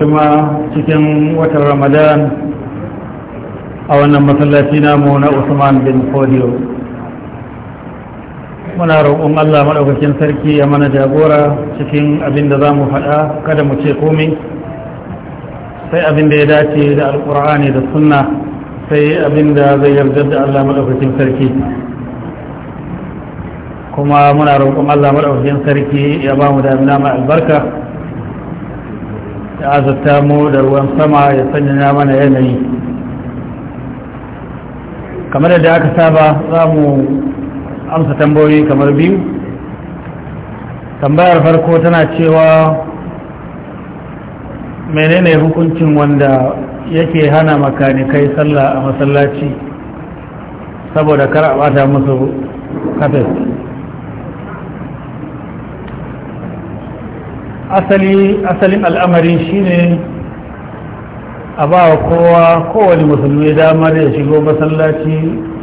kuma cikin watan ramadan a wannan masallaci namu na usman bin fodiyo muna roƙon allah maɗaukakin sarki ya mana jagora cikin abin da za mu faɗa kada mu ce komai sai abin da ya dace da alƙur'ani da sunna sai abin da zai yarda da allah maɗaukakin sarki kuma muna roƙon allah maɗaukakin sarki ya ba mu damina mai albarka ya azurta mu da ruwan sama ya sanya mana yanayi kamar da aka saba za mu amsa tambayoyi kamar biyu tambayar farko tana cewa menene hukuncin wanda yake hana makanikai sallah a masallaci saboda kar a bata musu kafet? asali asalin al'amarin shine a ba wa kowa kowane musulmi damar ya shigo masallaci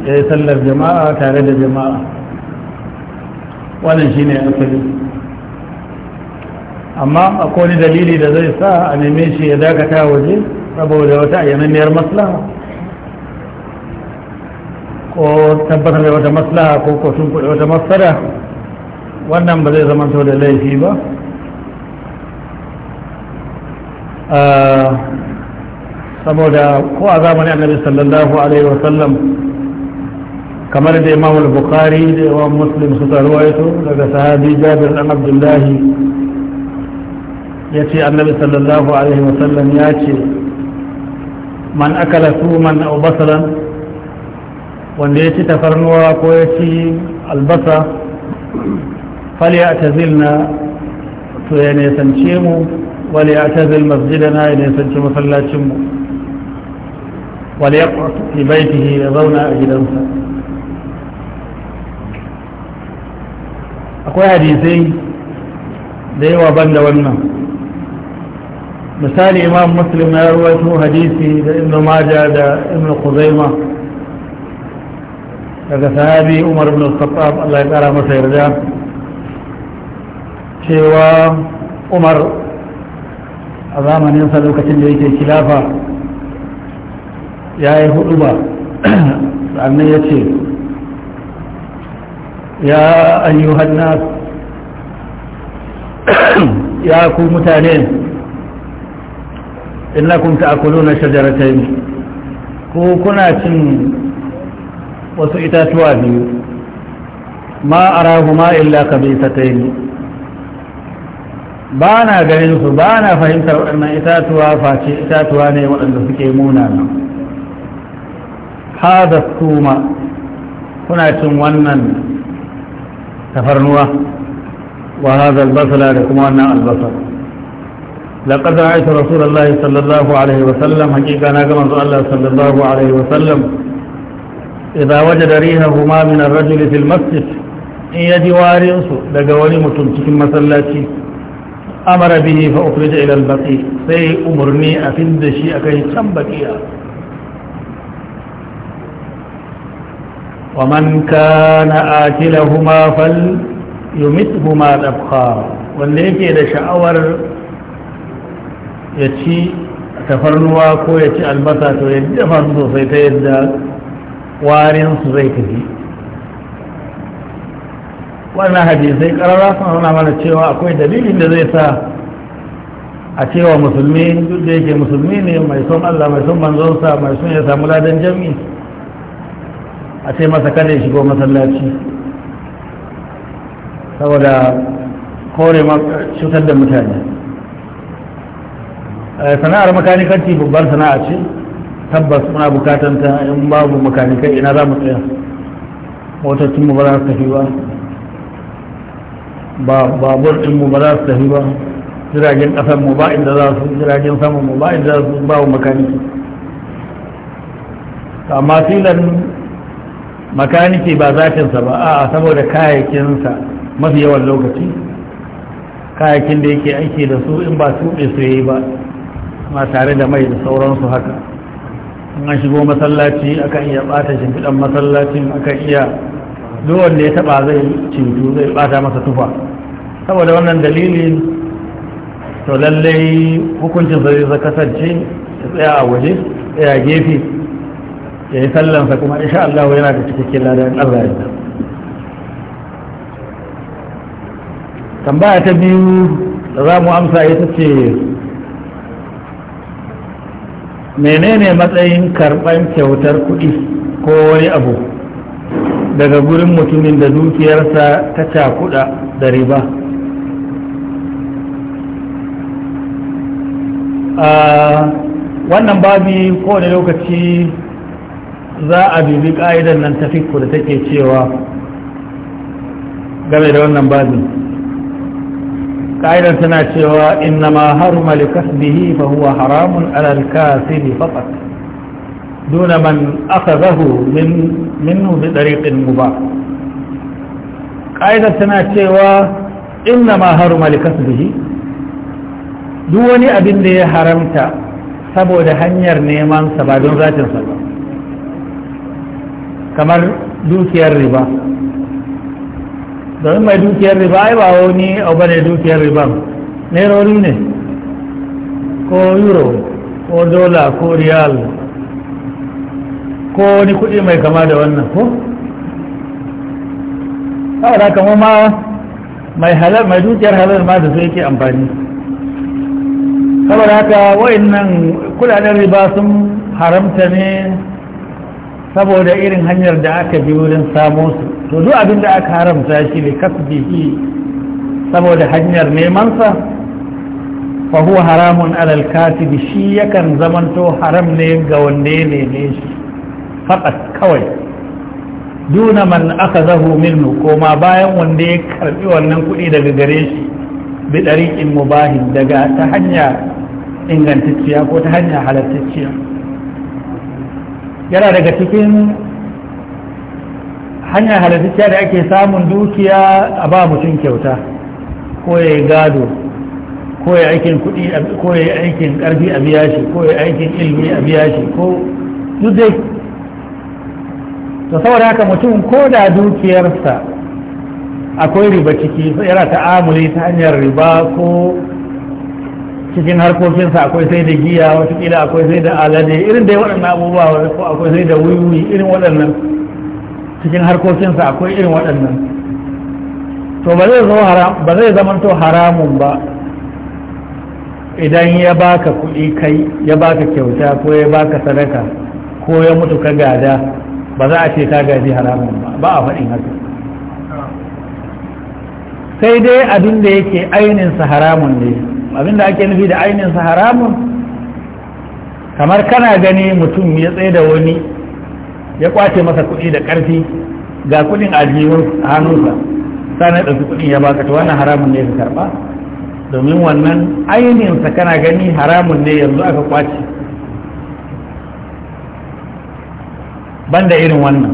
ya yi sallar jama'a tare da jama'a wannan shine asali amma akwai dalili da zai sa a neme shi ya dakata waje saboda wata yananniyar maslaha ko tabbatar da wata maslaha ko kotun kuɗi wata masara wannan ba zai zama to da laifi ba Eh, saboda ko a zamanin annabi sallallahu alaihi wa sallam kamar da imam al-bukhari da imam muslim suka ruwaito daga sahabi jabir dan abdullahi ya ce annabi sallallahu alaihi wa sallam ya ce man akala suman aw basalan wanda ya ci tafarnuwa ko ya ci albasa fal ya tazilna to ya nesance mu Wani ya ta zai masjida na ya sanci masallacinmu wale ya ƙwafi baitihi ya zauna a gidansa akwai hadisai da yawa ban da wannan misali imam muslim na ruwaito hadisi da ibn maja da ibn kuzaima daga sahabi umar ibn khattab Allah ya kara masa yarda cewa umar a zamaninsa lokacin da yake kilafa ya yi hudu ba sannan ya ce ya ayyuhan nas ya ku mutane innakum akuluna shajaratayn ku kuna cin wasu itatuwa biyu ma arahuma illa kabisatayn ba na ganin su ba na fahimtar waɗannan itatuwa face itatuwa ne waɗanda suke munana da kuma kuna cin wannan tafarnuwa wa hada albasala da kuma wannan albasala لقد رأيت رسول الله صلى الله sallallahu alaihi wa sallam, الله صلى الله عليه وسلم إذا وجد ريحهما من الرجل في المسجد daga wani mutum cikin masallaci. amara bihi fa ukhrija ila al-baqi sai umurni a fidda shi akai can baqiya wa man kana atilahuma fal yumithuma dabqa wanda yake da sha'awar ya ci tafarnuwa ko ya ci albasa to ya dafa sosai ta yadda warin su zai tafi wannan hadisai karara sun nuna mana cewa akwai dalilin da zai sa a cewa musulmi duk da yake musulmi ne mai son Allah mai son manzonsa mai son ya samu ladan jami a ce masa kada ya shigo masallaci saboda kore cutar da mutane eh, sana'ar makanikanci babbar sana'a ce tabbas muna bukatanta in babu makanikai ina za mu tsaya motocinmu ba za su tafi ba ba babur din mu ba za su tafi ba jiragen ƙasar mu ba inda za su jiragen saman mu ba inda za su ba makaniki amma filan makaniki ba zafinsa ba a saboda kayakinsa mafi yawan lokaci kayakin da yake aiki da su in ba tuɓe su yi ba ma tare da mai da sauransu haka in an shigo masallaci akan iya ɓata shimfiɗan masallacin akan iya duk wanda ya taba zai cintu zai bata masa tufa saboda wannan dalilin to lallai hukuncin zai zai kasance ya tsaya a waje tsaya gefe ya yi sallansa kuma insha Allah yana da cikakken ladan tambaya ta biyu da za mu amsa ita ce menene matsayin karɓar kyautar kuɗi ko wani abu daga gurin mutumin da dukiyarsa ta cakuda da riba a wannan babi kowane lokaci za a bibi ƙa'idar nan ta fiko da take cewa game da wannan babi ƙa'idar tana cewa inna ma haruma likasbihi fa huwa haramun alal kasibi faqat دون من أخذه من منه بطريق مباح قاعدة سنة شيوا إنما هرم لكسبه دوني أبن دي حرمت سبو دهنير نيمان سبادون ذات سبا kamar dukiyar riba domin mai dukiyar riba ai ba wani ne dukiyar riba nerori ne ko euro ko dola ko riyal ko wani kuɗi mai kama da wannan ko saboda kama ma mai halar mai dukiyar halar ma da su yake amfani saboda haka nan kudaden riba sun haramta ne saboda irin hanyar da aka bi wurin samo su to duk abin da aka haramta shi ne kasbihi saboda hanyar nemansa fa huwa haramun alal katibi shi yakan zamanto haram ne ga wanda ya neme shi Faɗas kawai duna man aka zahu minnu koma bayan wanda ya karɓi wannan kuɗi daga gare shi bi ɗariƙin mubahin daga ta hanya ingantacciya ko ta hanya halartacciya. yana daga cikin hanya halartacciya da ake samun dukiya a ba mutum kyauta ko ya yi gado ko ya aikin kuɗi ko ya aikin ƙarfi a biya shi ko ya aikin ilmi a biya shi ko duk dai to saboda haka mutum ko da dukiyarsa akwai riba ciki yana ta'amuli ta hanyar riba ko cikin harkokinsa akwai sai da giya kila akwai sai da alade irin dai waɗannan abubuwa ko akwai sai da wuyuyi irin waɗannan cikin harkokinsa akwai irin waɗannan to ba zai ba zai zamanto haramun ba idan ya baka kuɗi kai ya baka kyauta ko ya baka sadaka ko ya mutu ka gada ba za a ce ta gaji haramun ba ba a faɗin haka sai dai abin da yake ainihin sa haramun ne abin da ake nufi da ainihin sa haramun kamar kana gani mutum ya tsaye da wani ya kwace masa kuɗi da ƙarfi ga kuɗin aljihun hannunsa sannan ɗauki kuɗin ya baka to wannan haramun ne ka karɓa domin wannan ainihin sa kana gani haramun ne yanzu aka kwace banda irin wannan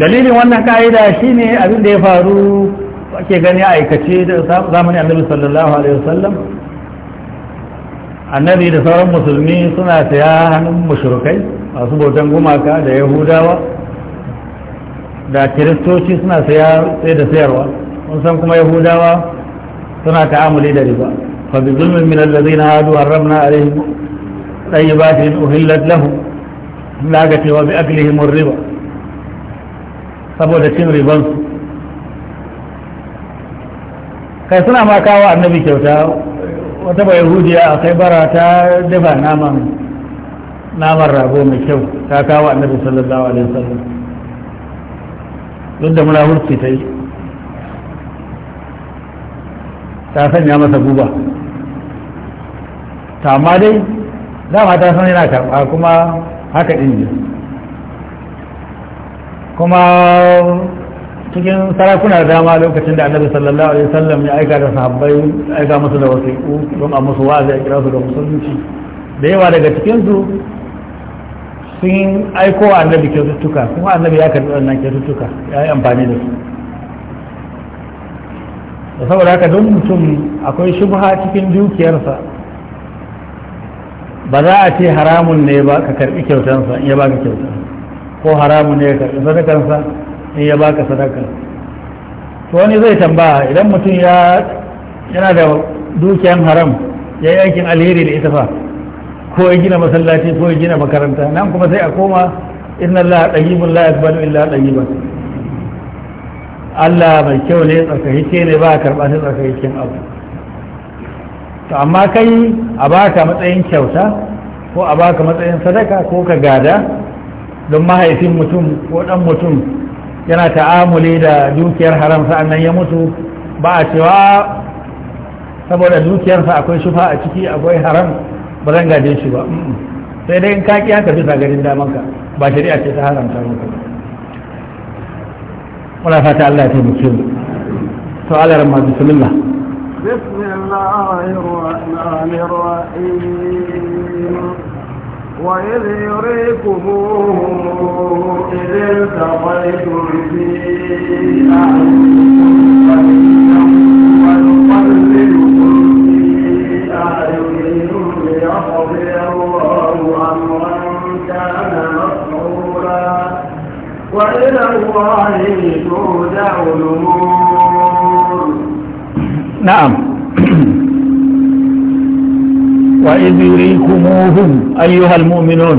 dalilin wannan ka'ida shine abin da ya faru ake gani a aikace da zamanin annabi sallallahu alaihi wasallam annabi da sauran musulmi suna saya hannun mashirukai masu bautan gumaka da yahudawa da kiristoci suna saya tsaye da sayarwa mun san kuma yahudawa suna ta'amuli da riba fa bi zulmin min allazina hadu harramna alaihim طيبات أهلت له لاقت وبأكلهم الربا saboda cin ribansu kai suna ma kawo annabi kyauta wata bai hujiya a kai bara ta dafa naman naman rago mai kyau ta kawo annabi sallallahu alaihi wasallam duk da muna hurci ta yi ta sanya masa guba ta amma dai dama ta san yana karɓa kuma haka ɗin ne kuma cikin sarakuna da dama lokacin da annabi sallallahu alaihi wasallam ya aika da sahabbai aika musu da wasiƙu don a musu wa'azi a kira su da musulunci da yawa daga cikin su sun aiko annabi kyaututtuka kuma annabi ya karɓi wannan kyaututtuka ya yi amfani da su da saboda haka don mutum akwai shubha cikin dukiyarsa ba za a ce haramun ne ba ka karbi kyautansa in ya baka kyauta ko haramun ne ka karbi sadakansa in ya baka sadaka to wani zai tambaya idan mutum ya yana da dukiyan haram ya yi aikin alheri da ita fa ko ya gina masallaci ko ya gina makaranta nan kuma sai a koma inna Allah ɗagibun la yaqbalu illa ɗagiban Allah mai kyau ne tsarkake ne ba a karɓa sai tsarkaken abu to amma kai a baka matsayin kyauta ko a baka matsayin sadaka ko ka gada don mahaifin mutum ko dan mutum yana ta'amuli da dukiyar haram sa'annan ya mutu ba a cewa saboda dukiyarsa akwai shufa a ciki akwai haram ba zan gade shi ba sai dai in ka ƙi haka bisa garin damanka ba shari'a ce ta haramta maka muna fata Allah ya taimake mu to Allah rahmatu bismillah بسم الله الرحمن الرحيم وإذ يريكموهم إذ التقيتم في أعينكم ونقلبكم في أعينهم ليقضي الله أمرا كان مفعولا وإلى الله ترجع الأمور na'am wa iziri kumuhun ayyuhal mu'minun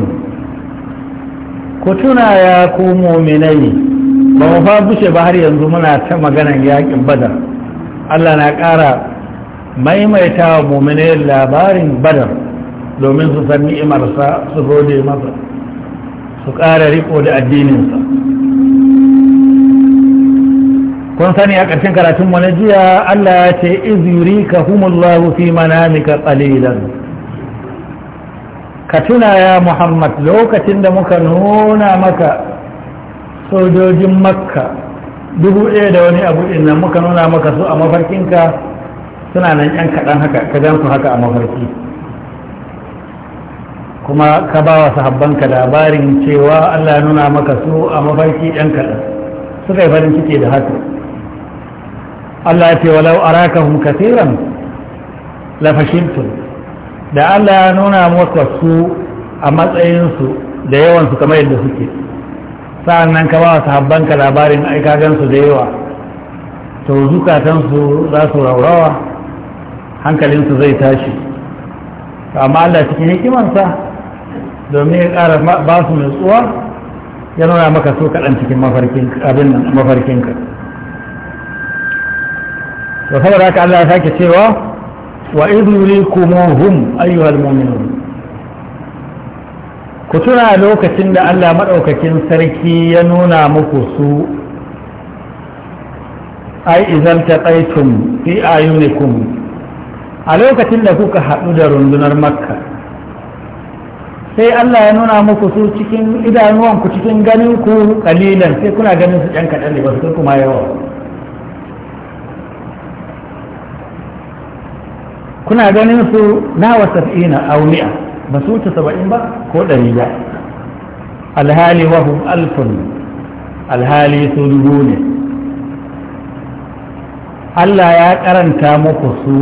ku tuna ya mu'minai Bamu mu fabushe ba har yanzu muna ta maganan yaƙin badar allah na ƙara maimaita mu'minai labarin badar domin su san ni'imarsa su rode masa su ƙara riko da addininsa kun sani a ƙarshen karatun mu na jiya Allah ya ce ka ka humullahu fi manamika qalilan ka tuna ya Muhammad lokacin da muka nuna maka sojojin makka dubu ɗaya da wani abu inna muka nuna maka su a mafarkinka suna nan yan kaɗan haka ka gan su haka a mafarki kuma ka ba wa sahabbanka labarin cewa Allah ya nuna maka su a mafarki yan kaɗan suka yi farin ciki da haka Allah ya ce walau arakahum kaseeran la fashiltum da Allah ya nuna maka su a matsayin su da yawan su kamar yadda suke sa'an nan ka ba wa ka labarin ai ka gan su da yawa to zukatan su za su raurawa hankalin su zai tashi amma Allah cikin hikimansa domin ya ƙara ba su nutsuwa ya nuna maka so kaɗan cikin ka. da saboda haka Allah ya sake cewa wa idurikumuhum ayyuhal mu'minun ku tuna lokacin da Allah maɗaukakin sarki ya nuna muku su ai ta taqaytum fi ayunikum a lokacin da kuka hadu da rundunar makka sai Allah ya nuna muku su cikin idanuwanku cikin ganin ku kalilan sai kuna ganin su ɗan kaɗan ne ba su kuma yawa kuna ganin su na wasaf'ina aw mi'a ba su wuce saba'in ba ko ɗari ba alhali wahum alfun alhali su dubu ne Allah ya karanta muku su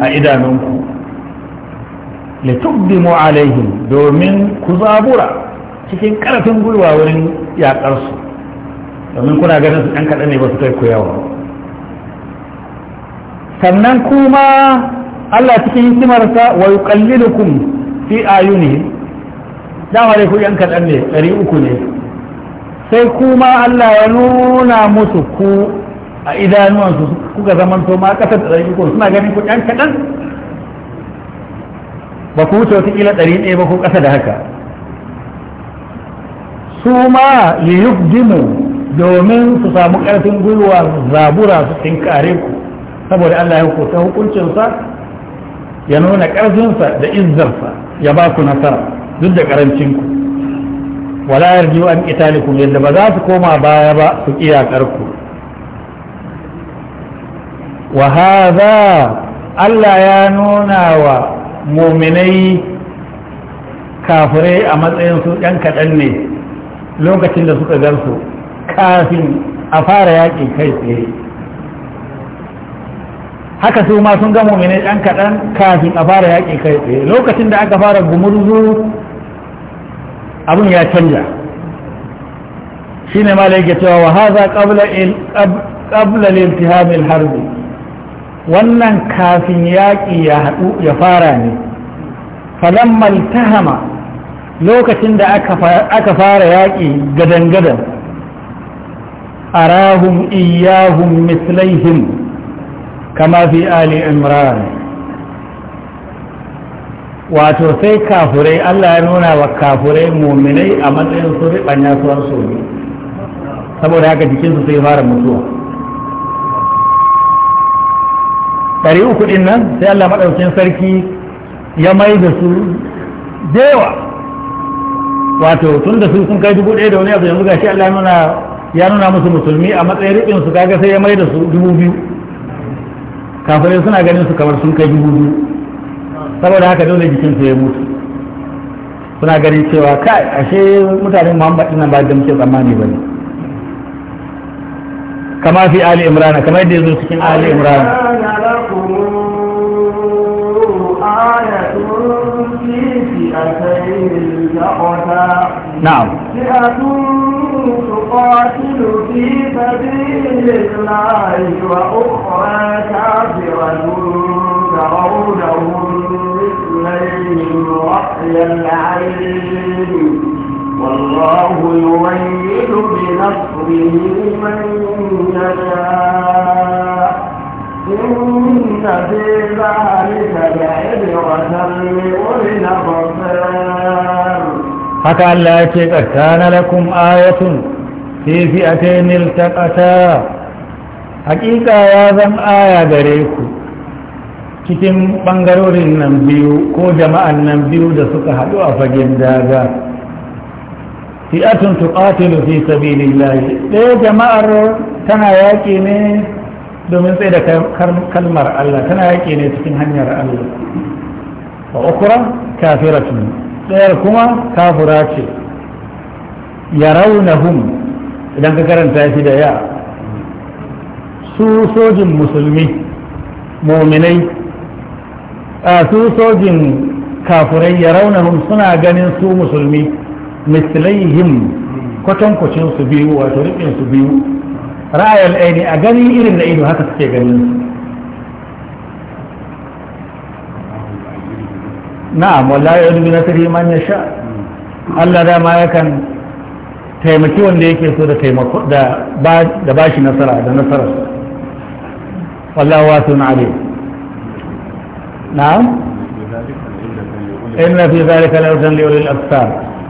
a idanunku litubdimu alaihim domin ku zabura cikin karfin gwiwa wurin su, domin kuna ganin su ɗan kaɗan ne ba su kai ku yawa sannan kuma Allah cikin hikimarsa wa yuqallilukum fi ayuni dama dai ku yan kaɗan ne ɗari uku ne sai kuma Allah ya nuna musu ku a idanuwansu kuka zamanto ma ƙasar da ɗari uku suna ganin ku yan kaɗan ba ku wuce watakila ɗari ɗaya ba ko ƙasa da haka su ma liyubdimu domin su samu ƙarfin gwiwa zabura su tinkare ku saboda Allah ya hukunta hukuncinsa ya nuna ƙarfinsa da izzarsa ya ba ku nasara duk da ƙarancinku wala biyu an qitalikum yadda ba za su koma baya ba su iyakar ku wa hadha Allah ya nuna wa muminai kafirai a matsayin su ɗan kaɗan ne lokacin da suka garsu kafin a fara yaƙi kai tsaye haka su ma sun gama muminai ɗan kaɗan kafin a fara yaƙi kai tsaye lokacin da aka fara gumurzu abin ya canja shine ma yake cewa wa haza qabla lintihamil harbi wannan kafin yaƙi ya haɗu ya fara ne falamma iltahama lokacin da aka fara yaƙi gadan gadan arahum iyahum mislaihim kama fi ali imran wato sai kafurai allah ya nuna wa kafurai muminai a matsayin su riɓanya suwar su saboda haka jikinsu sai fara mutuwa ɗari uku ɗin nan sai allah maɗaukin sarki ya mai da su dewa wato tun da su sun kai dubu ɗaya da wani abu yanzu gashi allah ya nuna musu musulmi a matsayin riɓinsu kaga sai ya mai da su dubu biyu kafirai suna ganin su kamar sun kai dubu biyu saboda haka dole su ya mutu suna gani cewa kai ashe mutanen muhammad nan ba da muke tsammani ba ne kama fi ali imrana kamar yadda ya zo cikin ali imrana na'am تقاتل في سبيل الله وأخرى كافرة ترونهم مثليهم رأي العين والله يميز بنصره من يشاء إن في ذلك لعبرة لأولي الأبصار haka Allah ya ce na lakum ayatun fi ta ƙasa hakika ya zan aya gare ku cikin ɓangarorin nan biyu ko jama'an nan biyu da suka haɗu a fagen daga fi'atun tuqatilu fi sabilillah ɗaya jama'ar tana yaƙi ne domin tsaye da kalmar Allah tana yaƙi ne cikin hanyar Allah wa ukra kafiratun ɗayar kuma kafura ce ya raunahum idan ka karanta shi da ya su sojin musulmi mominai a su sojin kafurai ya raunahum suna ganin su musulmi mislaihim kwatankwacin su biyu wato rufin biyu ra'ayar aini a ganin irin na ido haka suke ganin su na'am wallahi yadu nasiri man ya sha Allah dama yakan taimaki wanda yake so da taimako da ba shi nasara da nasara wallahu wasu na alim na'am inna fi zalika la'atan li ulil absar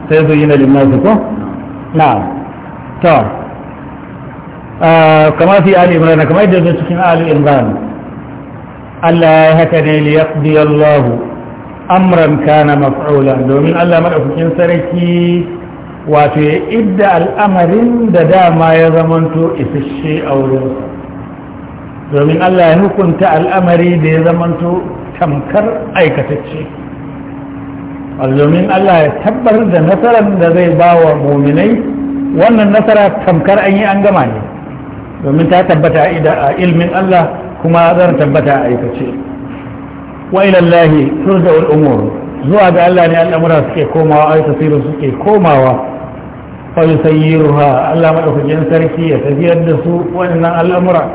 sai su yi na linnasi ko na'am to kama fi ali imran kama yadda cikin ali imran Allah ya haka ne liyaqdi Allahu amran kana maf'ula domin Allah madaukakin sarki wato ya idda al'amarin da dama ya zamanto isasshe a domin Allah ya hukunta al'amari da ya zamanto tamkar aikatacce domin Allah ya tabbar da nasarar da zai ba wa mominai wannan nasara tamkar an yi an gama ne domin ta tabbata a ilmin Allah kuma zan tabbata a aikace wa ila Allah turja al zuwa ga Allah ne al'amura suke komawa ai tasiru suke komawa fa yusayyiruha Allah madaukakin sarki ya tafiyar da su wannan al'amura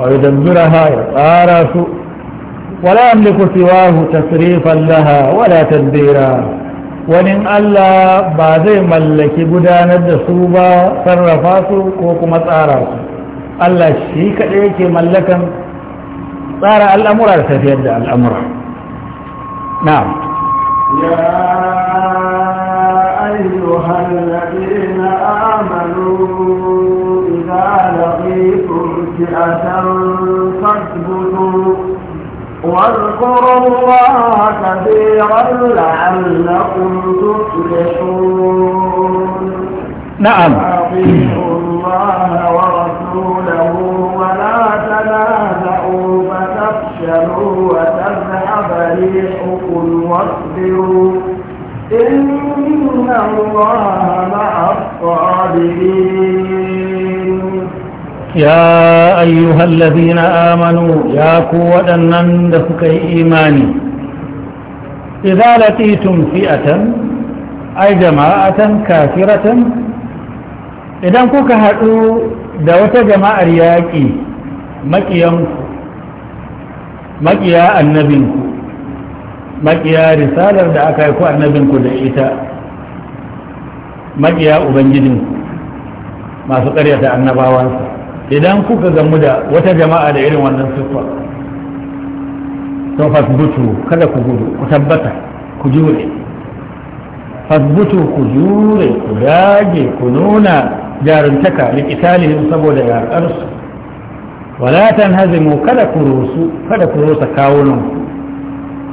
wa yudabbiraha ya tsara su ولا يملك سواه تصريفا لها ولا تدبيرا ونن الله بعضي ملك بدان الدسوبة صرفاته وكما تعرف الله شيك ليك ملكا صار الأمر على في يد الأمر نعم يا أيها الذين آمنوا إذا لقيتم فئة فاثبتوا واذكروا الله كثيرا لعلكم تفلحون نعم أطيعوا الله ورسوله ولا تنازعوا وتذهب ريحكم واصبروا إن الله مع الصابرين يا أيها الذين آمنوا يا قوة النندفك إيماني إذا لقيتم فئة أي جماعة كافرة إذا كنت هدو دوت جماعة رياكي مكيانكم makiya annabinku makiya risalar da aka yi ku annabinku da ita makiya ubangijinku masu karyata annabawansa idan kuka gamu da wata jama'a da irin wannan siffa to fasbutu kada ku gudu ku tabbata ku jure fasbutu ku jure ku dage ku nuna jarumtaka da saboda yaƙarsu wala tanhazimu kada ku rusu kada ku rusa kawunan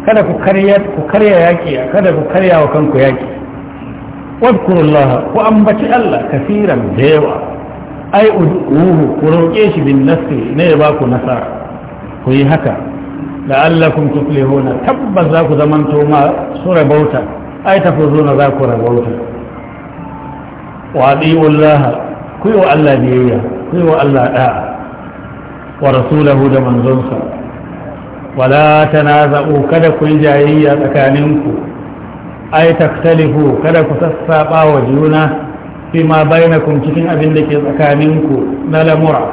kada ku karya ku karya yaki kada ku karya wa kanku yaki wadkurullah ku ambaci Allah kafiran da yawa ai ud'uhu ku roƙe shi bin nasri ne ya ku nasara ku yi haka la'allakum tuflihuna tabbas za ku zamanto ma su rabauta ai ta tafuzuna za ku rabauta wa adi'u ku yi wa Allah biyayya ku yi wa Allah da'a ورسوله دمن زنسا ولا تنازعوا كذا كل جاهية تكاننكو أي تختلفوا كذا كتسابا وجونا فيما بينكم تكين أبن لك تكاننكو نال مرع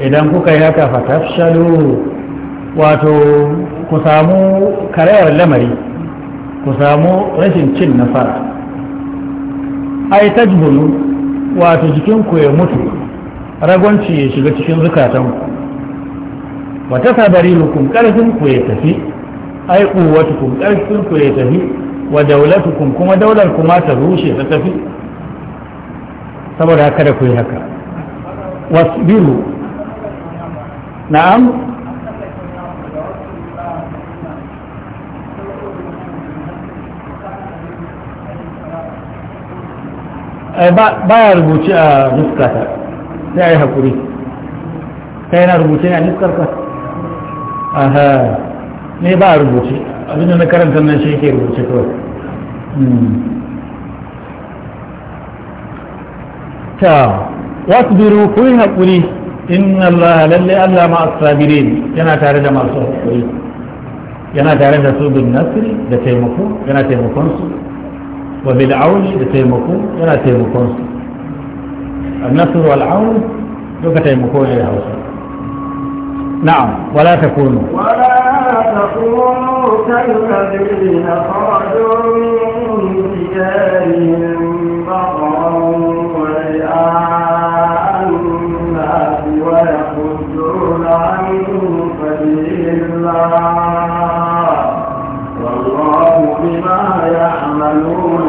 إذن كوكا يكا فتفشلوا واتو كسامو كرير لمري كسامو رشن شن نصر أي تجهلوا واتو جكينكو يموتوا ragwanci ya shiga cikin zukatan wa ta sabari hukum karfin ku ya tafi ai kum karfin ku ya tafi wa daulatukum kuma daular kuma ta rushe ta tafi saboda kada ku yi haka wasbiru na'am ba ya rubuci a muskata. sai a yi haƙuri ta yana rubuce ne a nufkarka aha ne ba a rubuce abin da na karanta nan shi ke rubuce kawai hmm. ta wasu biru ku yi haƙuri inna Allah lalle Allah ma asabirin yana tare da masu haƙuri yana tare da su bin nasiri da taimako yana taimakon su wa bil auni da taimako yana taimakon su النصر والعون لكتين مكون إلى هوسا نعم ولا تكونوا ولا تكونوا كالذين خرجوا من ديار بطرا ورئاء الناس ويخرجون عن سبيل الله والله بما يعملون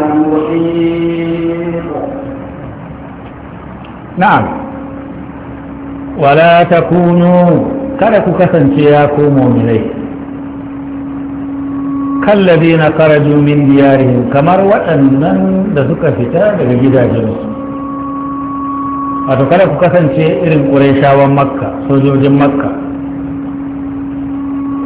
na'am wala takunu kada ku kasance ya ku mu'minai Ladina kharaju min diyarihim kamar waɗannan da suka fita daga gidajen su, wato kada ku kasance irin ƙurayshawan makka sojojin makka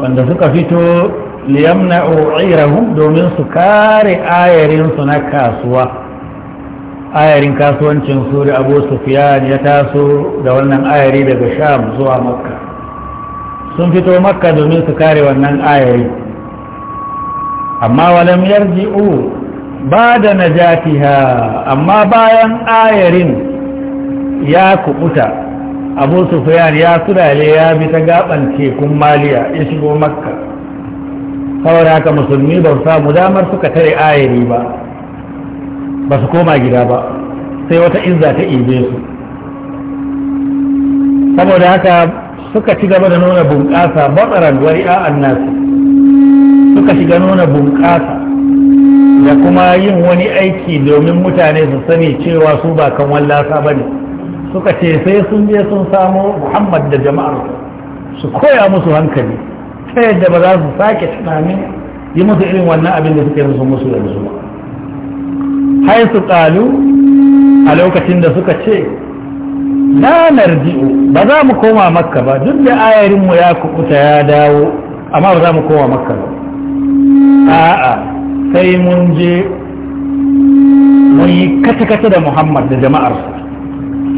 wanda suka fito liyamna'u irahum domin su kare ayarinsu na kasuwa ayarin kasuwancin su abu sufiyan ya taso da wannan ayari daga sham zuwa makka sun fito makka domin su kare wannan ayari amma walam yarji'u ba da najatiha amma bayan ayarin ya kubuta abu sufiyan ya turale ya bi ta gaban tekun maliya ya shigo makka saboda haka musulmi ba samu damar suka tare ayari ba ba su koma gida ba sai wata inza ta ibe su saboda haka suka ci gaba da nuna bunƙasa matsaran a annasu suka shiga nuna bunƙasa da kuma yin wani aiki domin mutane su sani cewa su ba kan wallasa ba ne suka ce sai sun je sun samo muhammad da jama'ar su koya musu hankali ta yadda ba za su sake tunanin yi musu irin wannan abin da suke musu musu yanzu ba haisu ƙalu a lokacin da suka ce na narji'u ba za mu koma makka ba duk da ayarinmu ya kubuta ya dawo amma ba za mu koma makka ba a'a sai mun je mun yi kata-kata da muhammad da jama'arsu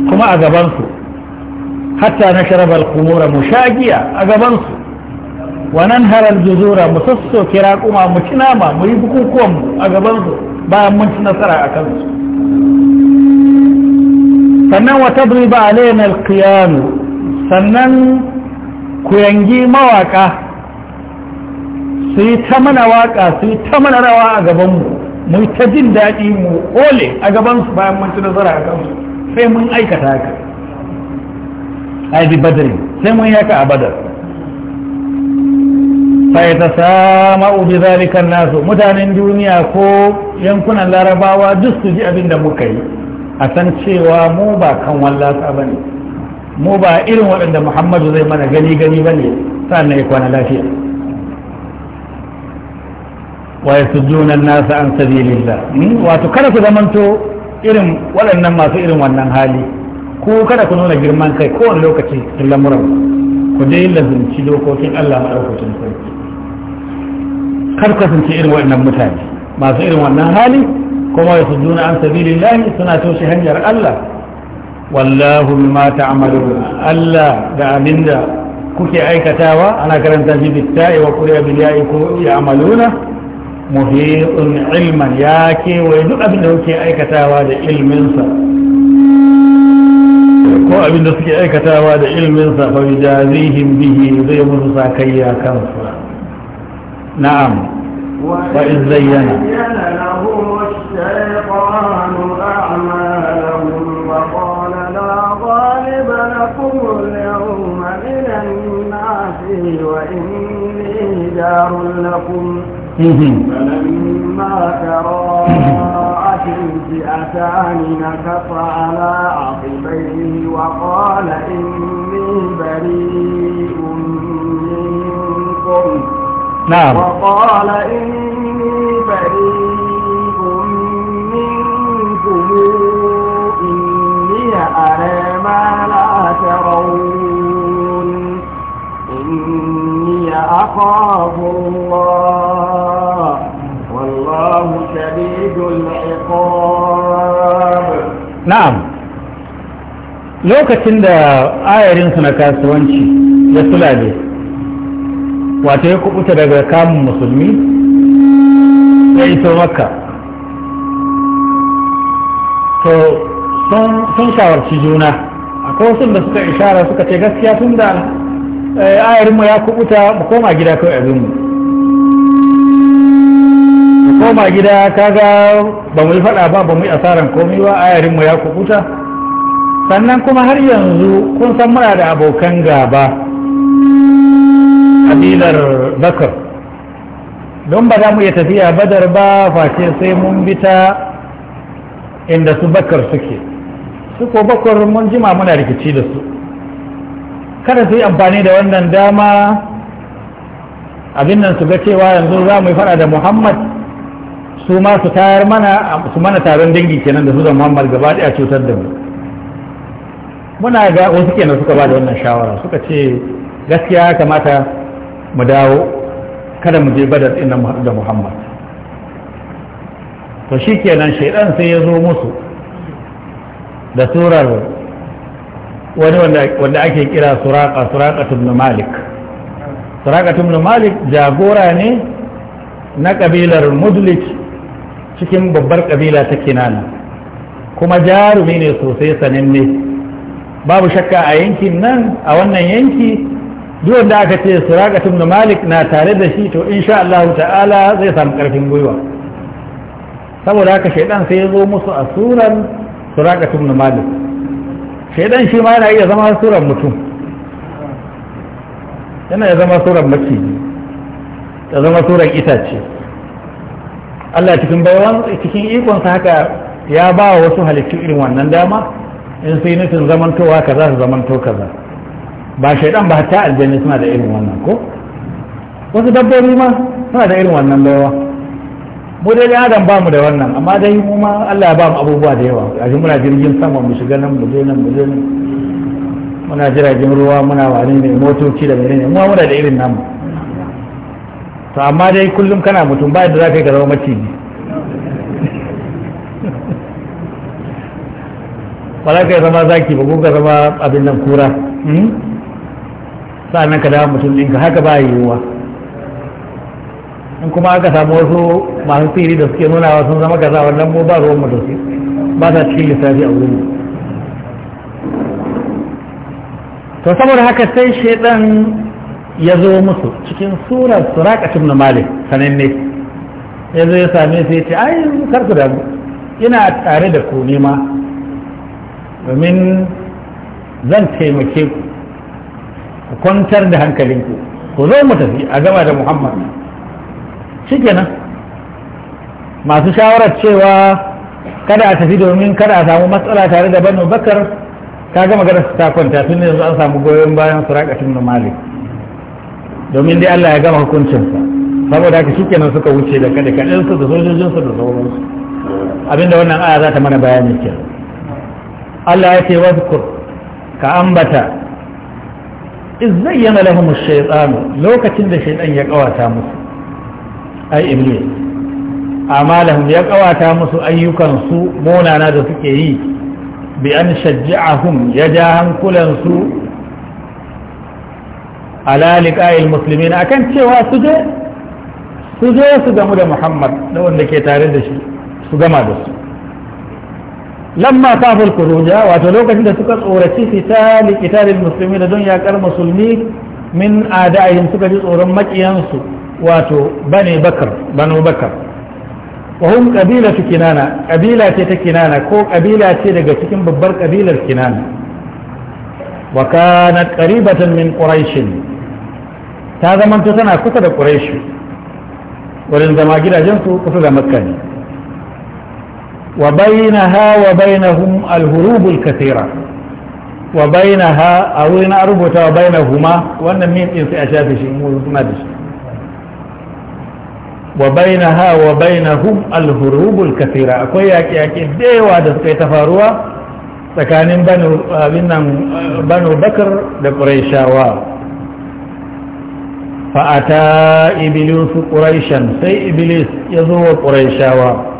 kuma a gabansu hatta na sharabar kumura mu shagiya a gabansu wa nan harar juzura mu sassoke raƙuma mu ci nama mu yi bukukuwanmu a gabansu bayan mun ci nasara a kansu sannan wa tadriba alaina alqiyanu sannan ku yangi mawaka su yi ta mana waka su yi ta mana rawa a gabanmu mu yi ta jin daɗi mu ole a gabansu bayan mun ci nasara a kansu sai mun aikata haka a yi badari sai mun yaka a badar فيتسامأ بذلك الناس متانين دنيا كو ينكون الارباوا دست جي ابين da muka yi a san cewa mu ba kan wallasa ba ne mu ba irin waɗanda Muhammadu zai mana gani gani ba ne sannan ya kwana lafiya wa yasudduna an-nas an sabilillah hmm? wato kada ku zamanto irin waɗannan masu irin wannan hali ko kada ku nuna girman kai kowane lokaci cikin lamuran ku dai lazumci dokokin Allah madaukakin sarki kar kasance irin waɗannan mutane masu irin wannan hali kuma ya na an sabili lahi suna toshe hanyar Allah wallahu bima ta'malu Allah da abinda kuke aikatawa ana karanta shi bitta'i wa quriya bil ya'i ko ya'maluna muhitun ilman ya ke wai duk abinda kuke aikatawa da ilmin sa ko abinda suke aikatawa da ilmin sa fa bijazihim bihi zai musu sakayya kansu نعم وإذ زين له الشيطان أعمالهم وقال لا غالب لكم اليوم من الناس وإني جار لكم فلما تراءت الفئتان نكص على عقبيه وقال إني بريء نعم وقال إني بريء منكم إني أرى ما لا ترون إني أخاف الله والله شديد العقاب نعم lokacin da ayarinsu na kasuwanci ya sulale wato ya kubuta daga kamun musulmi ya iso makka to sun shawarci juna akwai wasu da suka ishara suka ce gaskiya tun da eh, ayarinmu ya kubuta mu koma gida kawai abin mu koma gida kaga ba mu yi faɗa ba ba mu yi asaran komai ba ayarinmu ya kubuta sannan kuma har yanzu kun san muna da abokan gaba fadilar bakar don ba za mu iya tafiya badar ba face sai mun bi ta inda su bakar suke su ko bakar mun jima muna rikici da su kada su yi amfani da wannan dama abin nan su ga cewa yanzu za mu yi fada da muhammad su ma su tayar mana su mana taron dangi kenan da su da muhammad gaba daya cutar da mu muna ga wasu kenan suka ba da wannan shawara suka ce gaskiya kamata mu dawo kada mu je badar ɗin da muhammad to shi kenan shaidan sai ya zo musu da surar wani wanda ake kira suraka suraka tun malik suraka tun malik jagora ne na kabilar mudlik cikin babbar kabila ta kinana kuma jarumi ne sosai sananne babu shakka a yankin nan a wannan yanki duk wanda aka ce suraƙatun da malik na tare da shi to insha Allah ta'ala zai samu ƙarfin gwiwa saboda haka shaidan sai ya zo musu a suran suraƙatun da malik shaidan shi ma yana iya zama suran mutum yana iya zama suran maki ta zama suran itace Allah cikin baiwan cikin ikonsa haka ya ba wasu halittu irin wannan dama in sai nufin zamantowa kaza su zamanto kaza ba shaidan ba ta aljanna suna da irin wannan ko wasu dabbobi ma suna da irin wannan baiwa mu dai adam ba mu da wannan amma dai mu ma Allah ya ba mu abubuwa da yawa a muna jirgin sama mu shiga nan mu je nan mu je nan muna jiragen ruwa muna wani ne motoci da menene mu muna da irin namu to amma dai kullum kana mutum ba yadda za ka yi ka zama maciji ba za ka yi zama zaki ba ko ka zama abin nan kura hmm? sa'an ka dawo mutum ɗinka haka ba yiwuwa in kuma aka samu wasu masu tsiri da suke nunawa sun zama kaza wannan mu ba ruwan mu ba sa cikin lissafi a wurin to saboda haka sai shaidan ya zo musu cikin surar suraƙatun na malik sananne ya zo ya same su ya ce ai kar ku ina tare da ku nema domin zan taimake ku ku kwantar da hankalinku ku zo mu tafi a gama da muhammad kenan masu shawarar cewa kada a tafi domin kada a samu matsala tare da banu bakar ta gama gara su ta kwanta tun yanzu an samu goyon bayan su tun da malik domin dai allah ya gama hukuncinsa saboda haka kenan suka wuce da kada kaɗinsu da sojojinsu da sauransu abinda wannan aya za ta mana bayani kenan Allah ya ce wasu ka ambata izzayyana lahum ash-shaytan lokacin da shaytan ya kawata musu ai iblis amalahum ya kawata musu ayyukan su monana da suke yi bi an shajja'ahum ya ja hankulansu. su ala a muslimin akan cewa su je su je su gamu da Muhammad da wanda ke tare da shi su gama da su lamma kafin kuruja wato lokacin da suka tsoraci fitali kitalin musulmi da don yakar musulmi min ada'ihim suka ji tsoron makiyansu wato bane bakar banu bakar wa hum qabilatu kinana kabila ce ta kinana ko kabila ce daga cikin babbar kabilar kinana wa kanat qaribatan min quraish ta zamanto tana kusa da quraish wurin zama gidajen su kusa da makka ne وبينها وبينهم الهروب الكثيرة وبينها أو إن أربط وبينهما وأن مين إنسي أشافي شيء مادش وبينها وبينهم الهروب الكثيرة أكوي ياكي ياكي ديوا دسكي تفاروا tsakanin banu bakar da ƙuraishawa fa'ata ibilis ƙuraishan sai ibilis ya zo wa ƙuraishawa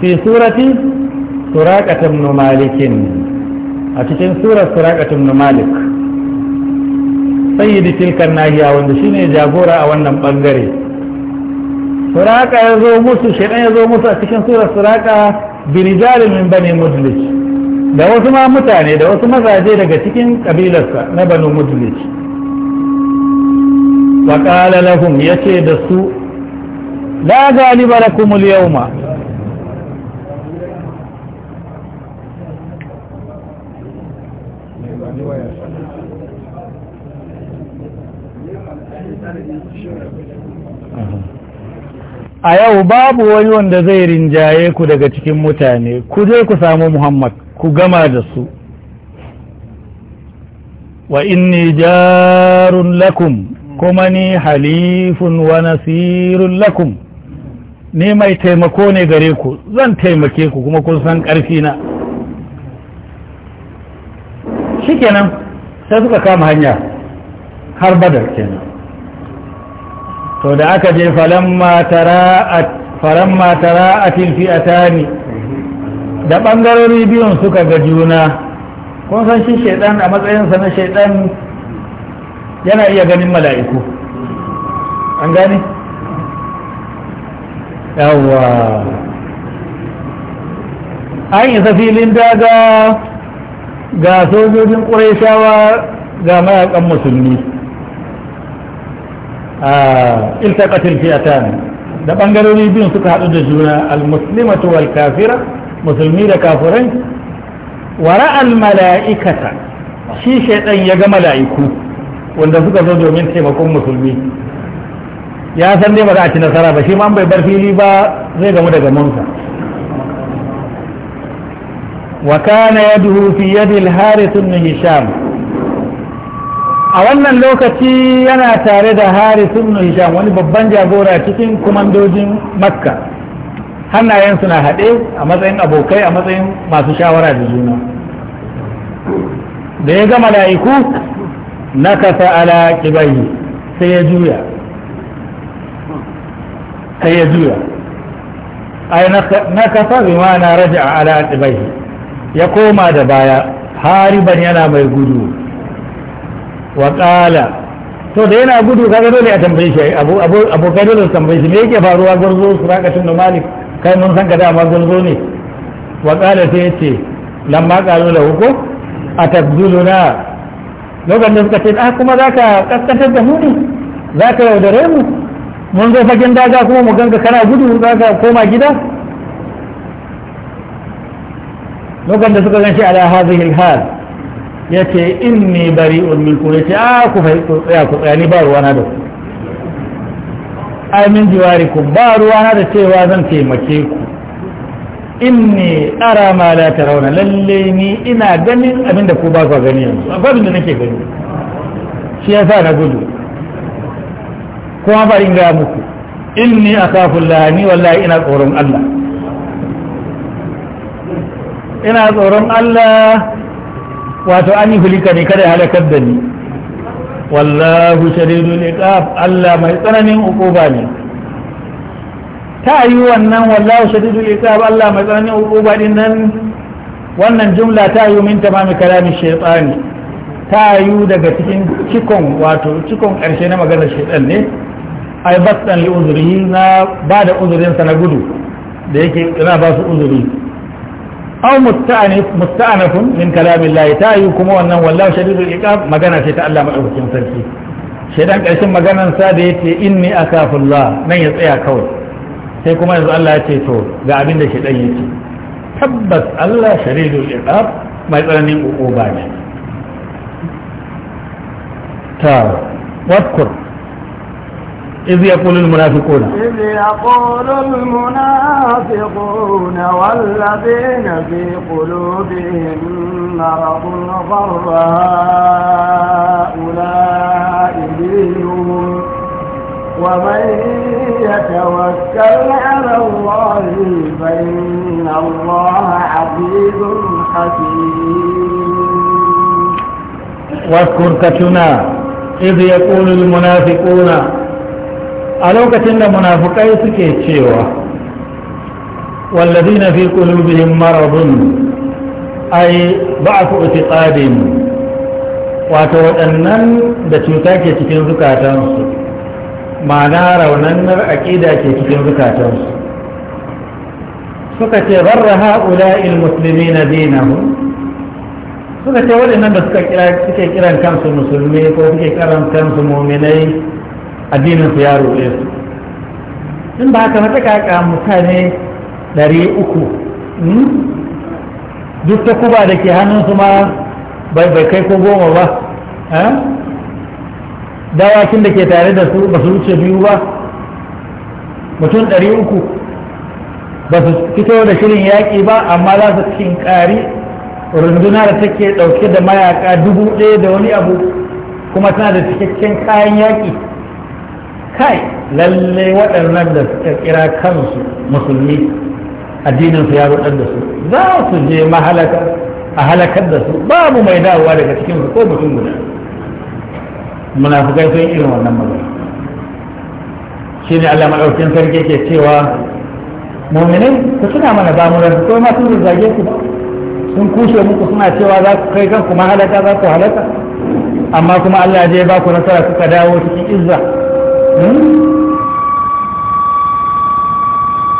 fi surati suraqata ibn malik a cikin surar suraqata ibn malik sayyidi tilkan nahiya wanda shine jagora a wannan bangare suraka ya zo musu shedan ya zo musu a cikin surar suraka birijalin min bani mudlis da wasu ma mutane da wasu mazaje daga cikin kabilarsa na banu mudlis wa qala lahum yace da su la kumul lakum a yau babu wani wanda zai rinjaye ku daga cikin mutane ku je ku samu muhammad ku gama da su wa inni jarun lakum kuma ni halifun wa nasirun lakum ni mai taimako ne gare ku zan taimake ku kuma kun san na shi kenan sai suka kama hanya har badar kenan to da aka je falamma tara'atin fi'atani da ɓangarori biyun suka ga juna kun san shi shaidan a matsayinsa na shaidan yana iya ganin mala'iku an gane? yawwa an isa filin daga ga sojojin ƙuraishawa ga mayakan musulmi iltaqatil fi'atan da ɓangarori biyun suka hadu da juna almuslimatu wal kafira musulmi da kafirai wara al mala'ikata shi shaydan ya ga mala'iku wanda suka zo domin taimakon musulmi ya san dai ba za a ci nasara ba shi ma bai bar fili ba zai gamu da gamonsa wa kana yaduhu fi yadi harith ibn hisham a wannan lokaci yana tare da haris ibn hisham wani babban jagora cikin kumandojin makka hannayensu na haɗe a matsayin abokai a matsayin masu shawara da juna da ya ga mala'iku na kasa ala kibayi sai ya juya sai ya juya ai na kasa bi ma na raja ala kibayi ya koma da baya hariban yana mai gudu wa qala to da yana gudu kaga dole a tambaye shi abu abu abokai dole su tambaye shi me yake faruwa gurzo su raka tun malik kai mun san ka ma gurzo ne wa qala sai yace lamma qalu lahu ko atabduluna lokacin da suka ce ah kuma zaka kaskantar da mu ne zaka yaudare mu mun zo fagen daga kuma mu ganka kana gudu zaka koma gida lokacin da suka ganshi ala hadhihi al ya ce in inni bari ulmin kuma ya ce a ah, ku fai tsaya ku tsaya ni ba ruwa na da ku ai min jiwari ku ba ruwa na da cewa zan taimake ku inni ara ma la rauna lalle ni ina ganin abinda ku ba ku gani yanzu akwai abinda nake gani shi ya sa na gudu kuma ba in ga muku In ni a kafin ni wallahi ina tsoron Allah ina tsoron Allah wato an yi hulika ne kada ya halakar da ni wallahu shadidul iqab Allah mai tsananin ukuba ne ta yi wannan wallahu shadidul iqab Allah mai tsananin ukuba din nan wannan jumla ta yi min tamami kalamin shaytani ta yi daga cikin cikon wato cikon karshe na maganar shaytan ne ai basdan li uzuri na ba da uzurin sa na gudu da yake ina ba su uzuri aw musta'anif musta'anafun min kalamillahi ta yi kuma wannan wallahu shadidul iqab magana ce ta Allah madaukakin sarki shedan karshen maganar sa da yace inni akafullah nan ya tsaya kawai sai kuma yanzu Allah ya ce to ga abin da shedan yake tabbas Allah shadidul iqab mai tsananin uquba ne ta wadkur إذ يقول المنافقون إذ يقول المنافقون والذين في قلوبهم مرض غر هؤلاء دينهم ومن يتوكل على الله فإن الله عزيز حكيم واذكر كتنا إذ يقول المنافقون a lokacin da munafukai suke cewa wallazina fi qulubihim maradun ai ba a ba'fu itiqadin wato waɗannan da cuta ke cikin zukatansu mana raunannar aƙida ke cikin zukatansu suka ce barra ha'ula'il musulmi na dinahu suka ce waɗannan da suke kiran kansu musulmi ko suke kiran kansu muminai addinin su ya roƙe su in ba haka mata kaka mutane ɗari uku hmm? duk ta kuba da ke hannun su ma bai kai ko goma ba eh? dawakin da ke tare da su ba su wuce biyu ba mutum ɗari uku ba su fito da shirin yaƙi ba amma za su ƙari runduna da take ɗauke da mayaƙa dubu ɗaya da wani abu kuma tana da cikakken kayan yaƙi kai lalle waɗannan da suka kira kansu musulmi addininsu ya rudar da su za su je mahalaka a halakar da su babu mai dawowa daga cikin su ko mutum guda Muna su sun irin wannan magana shine Allah madaukakin sarki ke cewa mu'minai ku suna mana ba mu ko ma sun zage ku sun kushe muku suna cewa za ku kai kanku mahalaka za ku halaka amma kuma Allah ya je ba ku nasara suka dawo cikin izza Hmm?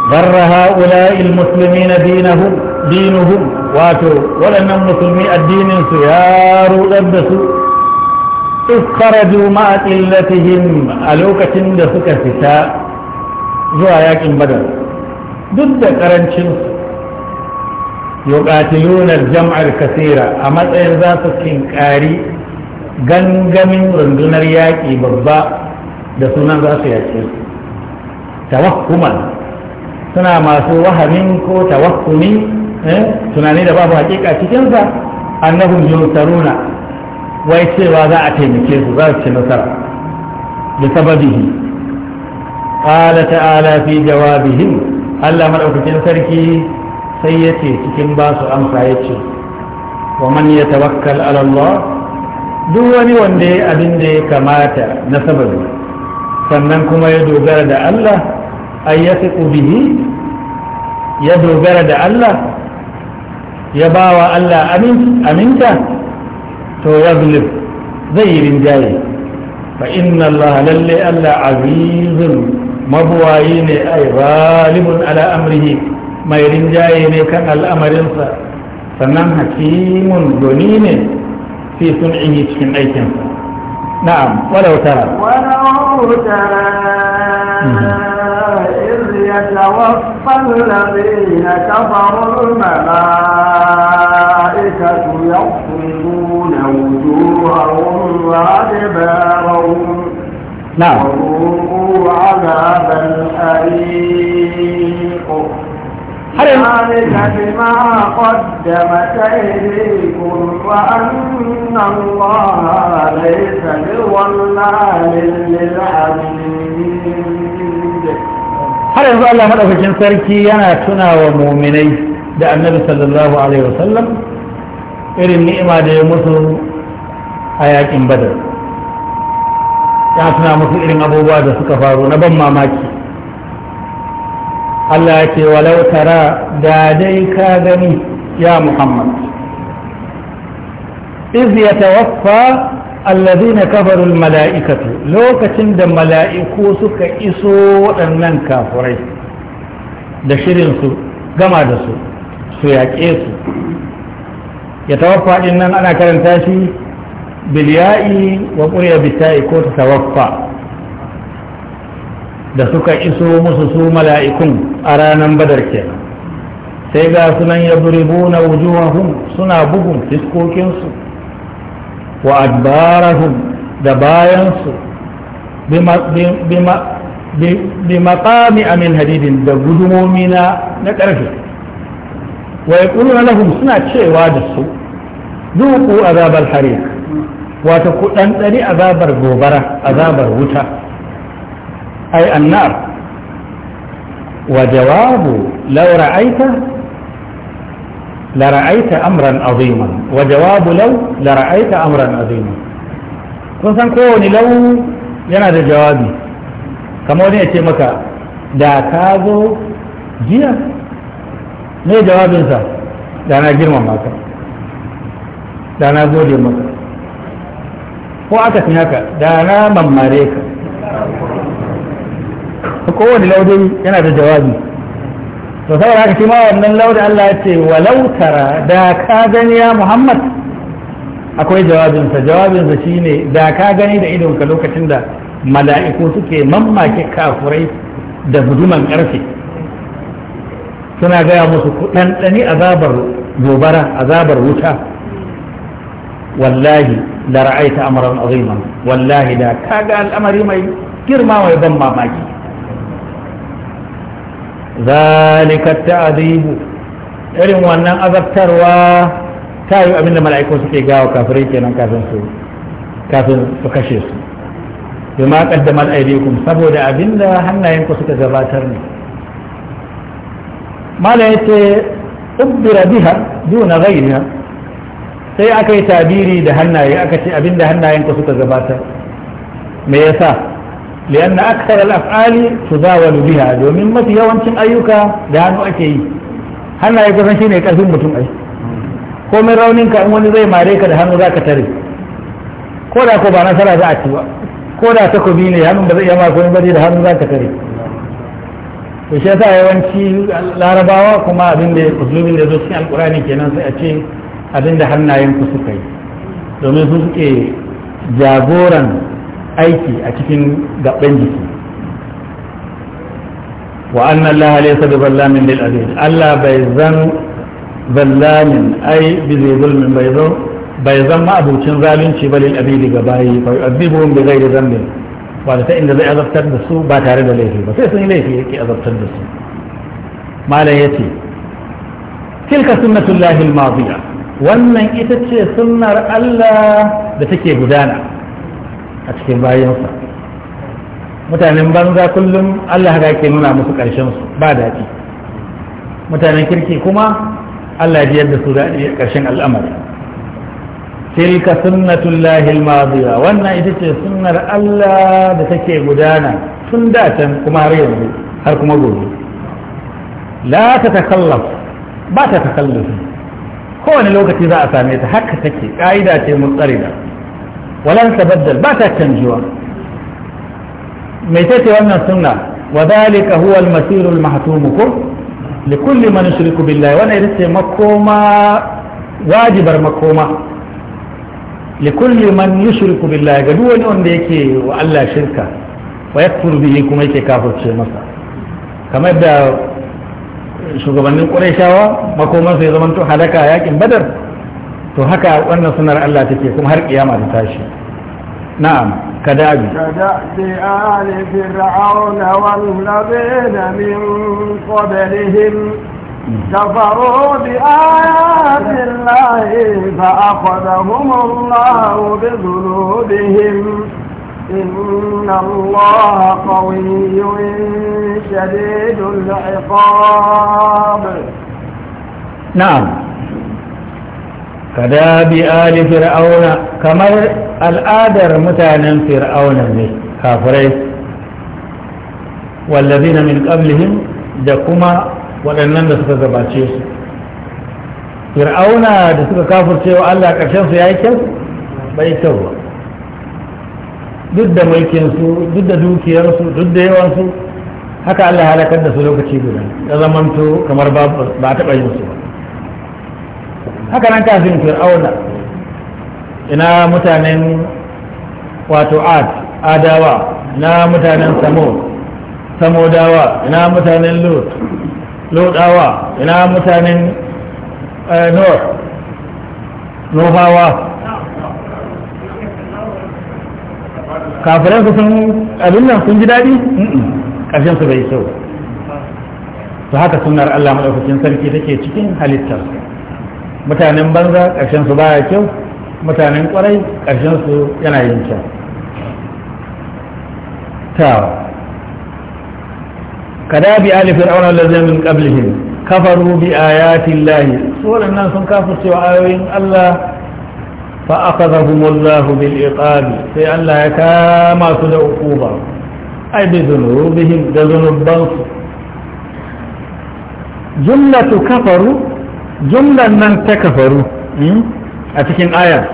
Barraha ha'ula ilmusulmi na dinuhum wato waɗannan musulmi addininsu ya rudar da su iskaraju ma'aƙillatihim a lokacin da suka fita zuwa yakin badar duk da ƙarancinsu يقاتلون الجمع الكثيرة أما إذا سكين كاري غنغمين رندون yaƙi babba. da sunan za su yaƙe su tawakkuman suna masu wahamin ko tawakkumi eh, tunani da babu hakika sa. annahum yunsaruna wai cewa za a taimake su za su ci nasara da sababihi qala ta'ala fi jawabihim Allah madaukakin sarki sai ce cikin ba su amsa yace wa man yatawakkal ala Allah duk wani wanda abin da ya kamata na sababi sannan kuma ya dogara da Allah ay yathiqu bihi ya dogara da Allah ya bawa Allah aminta to ya zulub zai yi rinjaye fa inna Allah lalle Allah azizun mabuwayi ne ay ghalibun ala amrihi mai rinjaye ne kan al'amarinsa sannan hakimun goni ne fi sun'ihi cikin aikinsa نعم ولو ترى ولو ترى يتوفى الذين كفروا الملائكة يضربون وجوههم وأدبارهم نعم وذوقوا عذاب الحريم har yanzu Allah madaukakin sarki yana tuna wa muminai da annabi sallallahu alaihi wasallam irin ni'ima da ya musu a yakin badar ya tuna musu irin abubuwa da suka faru na ban mamaki Allah ya ce walau tara da dai ka gani ya Muhammad iz yatawaffa alladhina kafaru mala'ikatu lokacin da mala'iku suka iso waɗannan kafurai da shirin su gama da su su yaƙe su tawaffa din nan ana karanta shi bilya'i wa quriya bitai ko tawaffa da suka iso musu su mala'ikun a ranar badar kenan sai ga sunan ya buribu na wujuhahum suna bugun fiskokinsu wa adbarahun da bayansu bi maƙami amin hadidin da gudumomi na ƙarfe wa ya lahum suna cewa da su zuku azabar hare wata ku ɗari azabar gobara azabar wuta أي النار وجواب لو رأيت لرأيت أمرا عظيما وجواب لو لرأيت أمرا عظيما kun san kowane lau yana da jawabi kamar wani ya ce maka da ka jiya ne jawabinsa da na girma maka da na gode maka ko aka fi haka da na mammare ka kowane laudai yana da jawabi to saboda haka shi ma wannan laudai Allah ya ce walau tara da ka gani ya Muhammad akwai jawabinsa jawabinsa shine da ka gani da idonka lokacin da mala'iku suke mammake kafurai da guduman karfe suna gaya musu ɗanɗani azabar gobara azabar wuta wallahi da ra'aita amaran aziman wallahi da kaga al'amari mai girma mai ban mamaki zalika ta'dibu irin wannan azabtarwa ta yi abinda mala'iku suke gawa kafirai kenan kafin su kafin su kashe su bima qaddamat aydikum saboda abinda hannayenku suka gabatar ne mala yace ubbira biha duna ghayriha sai aka yi tabiri da hannaye aka ce abinda hannayenku suka gabatar me yasa لأن أكثر الأفعال تداول بها domin mafi yawancin ayyuka da hannu ake yi hannu ya kusan shine karfin mutum ai komai raunin ka in wani zai mare ka da hannu zaka tare ko da ko ba nasara za a ci ba ko da takobi ne hannun ba zai iya ma komai ba da hannu zaka tare to shi yasa yawanci larabawa kuma abin da usulubin da alkurani kenan sai a ce abin da hannayen ku suka yi domin su suke jagoran aiki a cikin gaban jiki wa anna Allah laysa bi zallamin lil abid Allah bai zan zallamin ai bi zulmin bai zo bai zan ma abucin zalunci ba lil abid ga bayi fa yu'adhibuhum bi ghairi dhanbin ba da inda zai azabtar da su ba tare da laifi ba sai sun yi laifi yake azabtar da su malam yace tilka sunnatullahi al-madiya wannan ita ce sunnar Allah da take gudana a cikin bayansa mutanen banza kullum Allah ga ke nuna musu ƙarshen su ba daɗi mutanen kirki kuma Allah ji yadda su daɗi ƙarshen al'amari tilka sunnatul lahil madiya wannan ita ce sunnar Allah da take gudana tun datan kuma har yanzu har kuma gobe la ta takallaf ba ta takallafi kowane lokaci za a same ta haka take ƙa'ida ce da. walan tabaddal ba ta canjuwa mai tace wannan sunna wa zalika huwa al-masir al-mahtum li kulli man yushriku billahi wannan ita ce makoma wajibar makoma li man yushriku billahi ga duk wani wanda yake wa Allah shirka wa yakfur bihi kuma yake kafirce masa kamar da shugabannin ƙurashawa makomansa ya zama to halaka yakin badar to haka wannan sunar Allah take kuma har kiyama ta tashi na'am kadabi آل فرعون والذين من قبلهم كفروا بآيات الله فأخذهم الله بذنوبهم إن الله قوي شديد العقاب نعم kadabi ali fir'auna kamar al'adar mutanen fir'auna ne kafirai wallazina min qablihim da kuma waɗannan da suka gabace su fir'auna da suka kafircewa Allah ƙarshen su yayi kyau bai ba duk da duk da dukiyarsu duk da yawansu haka Allah halakar da su lokaci guda ya zamanto kamar ba a taɓa yin su ba haka nan kafin fir'auna ina mutanen wato ad adawa ina mutanen samo samodawa ina mutanen lut lodawa ina mutanen nor eh, nufawa. kafiran su sun abin nan sun ji daɗi ƙarshen su bai so to haka sunnar Allah madaukakin sarki take cikin halittarsa mutanen banza ƙarshen su baya kyau mutanen ƙwarai ƙarshen su yana yin kyau ta kada bi ali fir'auna allazina min qablihim kafaru bi ayati llahi su waɗannan sun kafirce wa ayoyin Allah fa akhadhahumullahu bil iqabi sai Allah ya kama su da uquba ai bi dhunubihim da dhunubansu jumlatu kafaru jumlan nan ta kafaru hmm, a cikin aya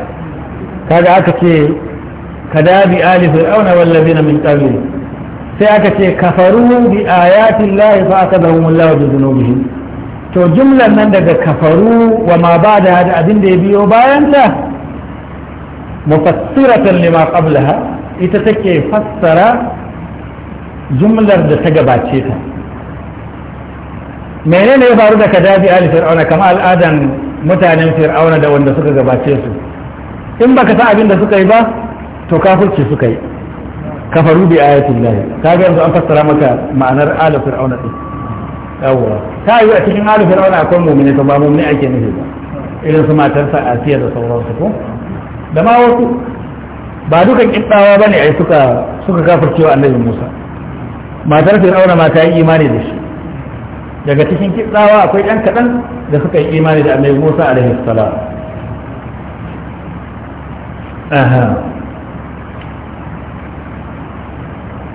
kaga aka ce kadabi ali fir'auna na min qabli sai aka ce kafaru bi ayati llahi fa akadahum allah bi dhunubihim to jumlan nan daga kafaru wa ma bada da abin da ya biyo bayan ta mufassiratan lima qablaha ita take fassara jumlar da ta gabace ta menene ya faru da kadafi ali fir'auna kama al'adan mutanen fir'auna da wanda suka gabace su in baka san abin da suka yi ba to kafirci suka yi kafaru bi ayatin lahi kaga yanzu an fassara maka ma'anar ala fir'auna din yawwa ta yi a cikin ala fir'auna akwai mu'mini to ba mu'mini ake nufi ba irin su matarsa asiya da sauransu ko da ma wasu ba dukan kiddawa bane ai suka suka kafircewa annabi Musa matar fir'auna ma ta yi imani da shi daga cikin kitsawa akwai ɗan kaɗan da suka yi imani da annabi musa alaihi salam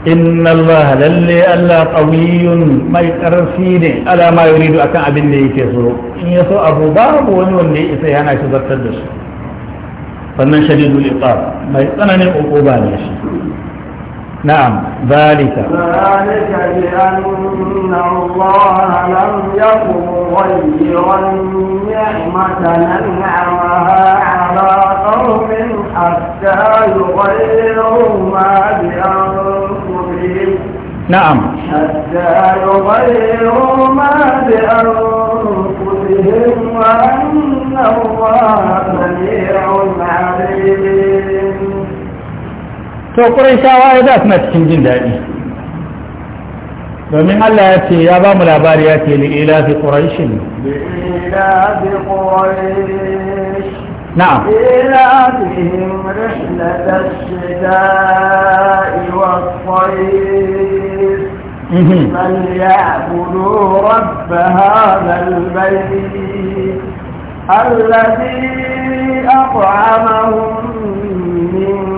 inna allaha lalle allah qawiyun mai karfi ne ala ma yuridu akan abin da yake so in ya so abu babu wani wanda ya isa yana shi zartar da shi sannan shadidul iqab mai tsananin ukuba ne shi نعم ذلك ذلك بأن الله لم يكن غيرا نعمة أنعمها على قوم حتى يغيروا ما بأنفسهم نعم حتى يغيروا ما بأنفسهم وأن الله سميع عليم تو قريش اوائي ذات ما تشنجين دائمي فمن الله يأتي يا با ملابار يأتي لإلاف قريش لإلاف قريش نعم إلافهم رحلة الشتاء والصيف فليعبدوا رب هذا البيت الذي أطعمهم من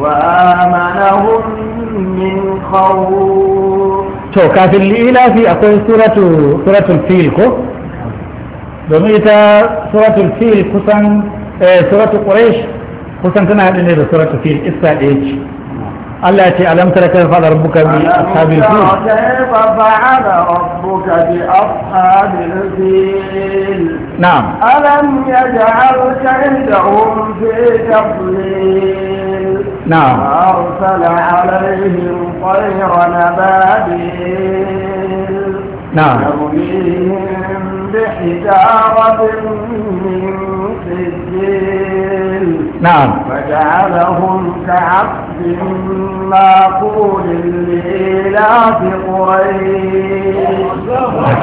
وآمنهم من خوف to kafin lilafi akwai suratul fil ko domin ita suratul fil kusan suratul quraish kusan tana haɗe ne da suratul fil isa ɗaya ce Allah ce alam tara kai fa rabbuka bi ashabil fil fa fa'ala rabbuka bi ashabil fil na'am alam yaj'al kaydahum fi tadlil نعم وأرسل عليهم طير نبابيل نعم بحجارة من سجيل نعم فجعلهم كعبد معقول لإلاف قريش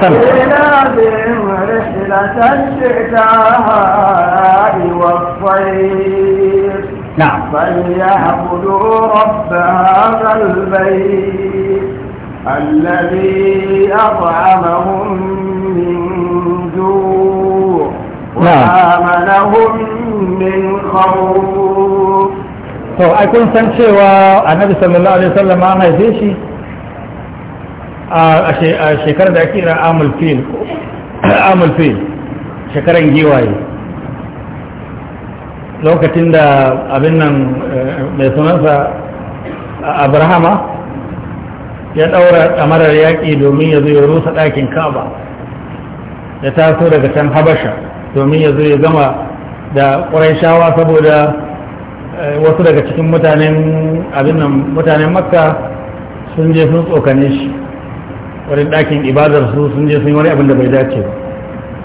إلافهم رحلة الشتاء والصيف نعم فليعبدوا رب هذا البيت الذي أطعمهم من جوع وآمنهم من خوف to ai kun san cewa annabi sallallahu alaihi wasallam an haife shi a shekarar da ake kira amul fil amul fil shekaran giwaye lokacin da abin nan eh, mai sunansa abrahama ya ɗaura marar yaƙi domin ya zo ya rusa ɗakin kaba ya taso daga can habasha domin ya zo ya gama da shawa saboda eh, wasu daga cikin mutanen abin nan mutanen makka sun je sun tsokane shi wurin ɗakin ibadarsu sun je sun yi wani abin da bai dace ba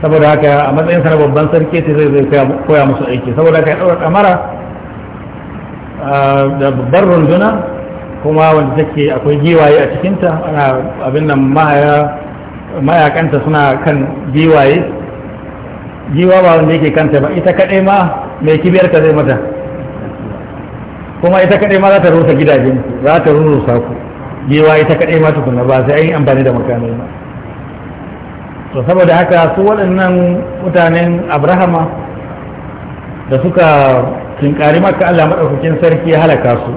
saboda haka a matsayin sa na babban sarki sai zai koya musu aiki saboda haka ya ɗaura kamara da babbar runduna kuma wanda take akwai giwaye a cikinta ana abin nan mayakanta suna kan giwaye giwa ba wanda yake kanta ba ita kaɗai ma mai kibiyar ka zai mata kuma ita kaɗai ma za ta rusa gidajen za ta rusa ku giwa ita kaɗai ma tukuna ba sai an yi amfani da makamai ba to saboda haka su waɗannan mutanen abrahama da suka tunkari maka allah maɗaukakin sarki ya halaka su